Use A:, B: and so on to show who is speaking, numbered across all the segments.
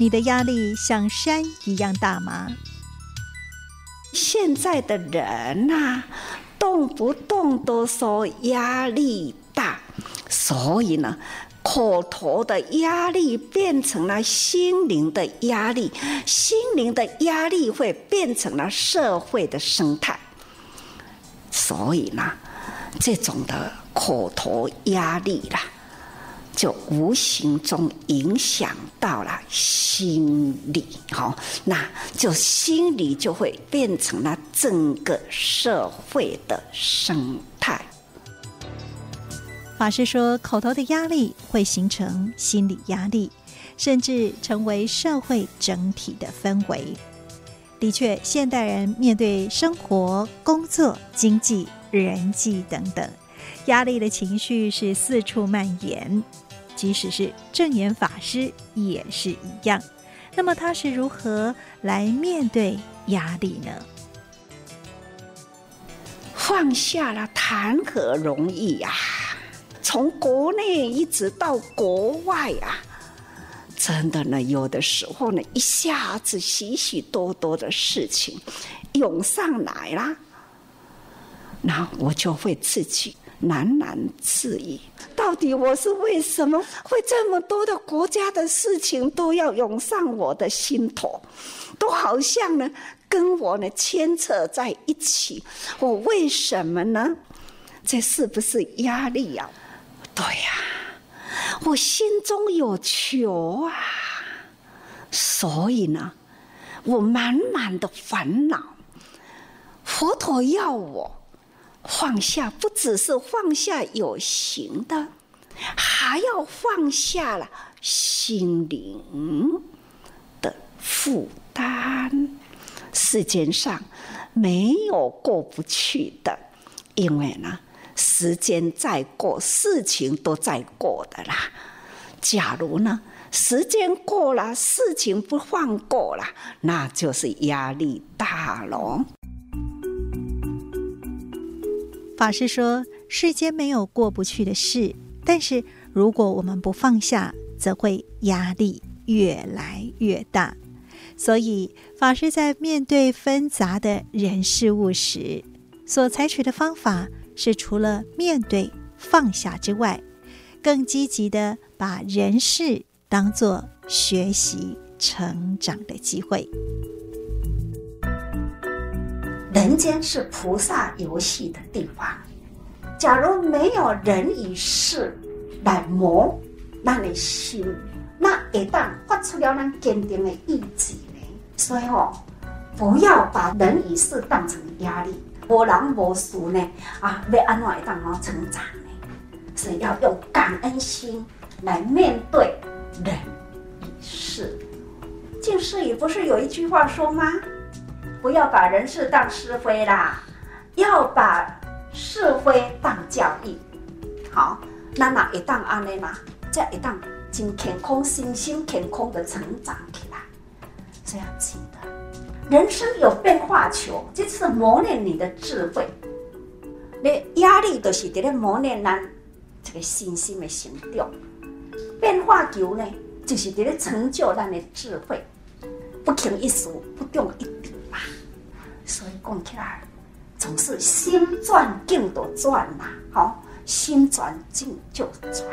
A: 你的壓力像山一樣大嗎？現在的人吶、啊，
B: 動不動都說壓力大，所以呢，口頭的壓力變成了心靈的壓力，心靈的壓力會變成了社會的生態。所以呢，這種的口頭壓力啦。就無形中影響到了心理。好，那就心理就會變成了整個社
A: 會的生態。法師說，口頭的壓力會形成心理壓力，甚至成為社會整體的氛圍。的確，現代人面對生活、工作、經濟、人際等等壓力的情緒是四處蔓延。即使是證嚴法師也是一樣，那麼他是如何來面對壓力呢？
B: 放下了談何容易呀，啊！從國內一直到國外啊，真的呢，有的時候呢，一下子許許多多的事情湧上來了，那我就會自己。喃喃自語：“到底我是為什麼會這麼多的國家的事情都要湧上我的心頭，都好像呢跟我呢牽扯在一起，我為什麼呢？這是不是壓力呀？”“對呀，我心中有求啊，所以呢，我滿滿的煩惱。”佛陀要我。放下不只是放下有形的，還要放下了心靈的負擔。世間上沒有過不去的，因為呢，時間在過，事情都在過的啦。假如呢，時間過了，事情不放過了，那就是壓力大了。
A: 法師說：“世間沒有過不去的事，但是如果我們不放下，則會壓力越來越大。所以，法師在面對紛雜的人事物時，所採取的方法是，除了面對放下之外，更積極地把人事當作學習成長的機會。”
B: 人間是菩薩遊戲的地方，假如沒有人與事來磨的，那你心那一旦發出了那堅定的意志呢？所以哦，不要把人與事當成壓力，無人無事呢啊，要按怎當來成長呢？是要用感恩心來面對人與事。靜思語不是有一句話說嗎？不要把人事當是非啦，要把是非當教育。好，那那一當安尼嘛？這一當才健康、身心健康的成長起來，這樣記得，人生有變化球，這是磨練你的智慧。你壓力都是在咧磨練咱這個身心的行動。變化球呢，就是在咧成就咱的智慧，不輕一粟，不重一滴。所以講起來，總是心轉境都轉吶、啊，好，心轉境就轉。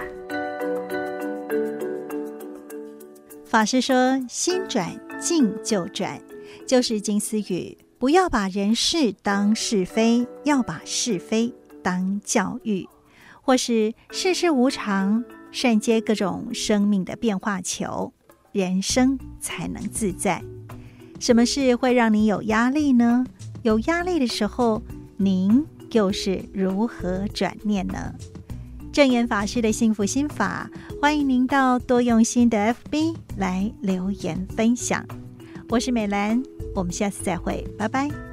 A: 法師說：“心轉境就轉，就是靜思語，不要把人事當是非，要把是非當教育，或是世事無常，善接各種生命的變化球，人生才能自在。”什麼事會讓你有壓力呢？有壓力的時候，您又是如何轉念呢？證嚴法師的幸福心法，歡迎您到多用心的 FB 來留言分享。我是美蘭，我們下次再會，拜拜。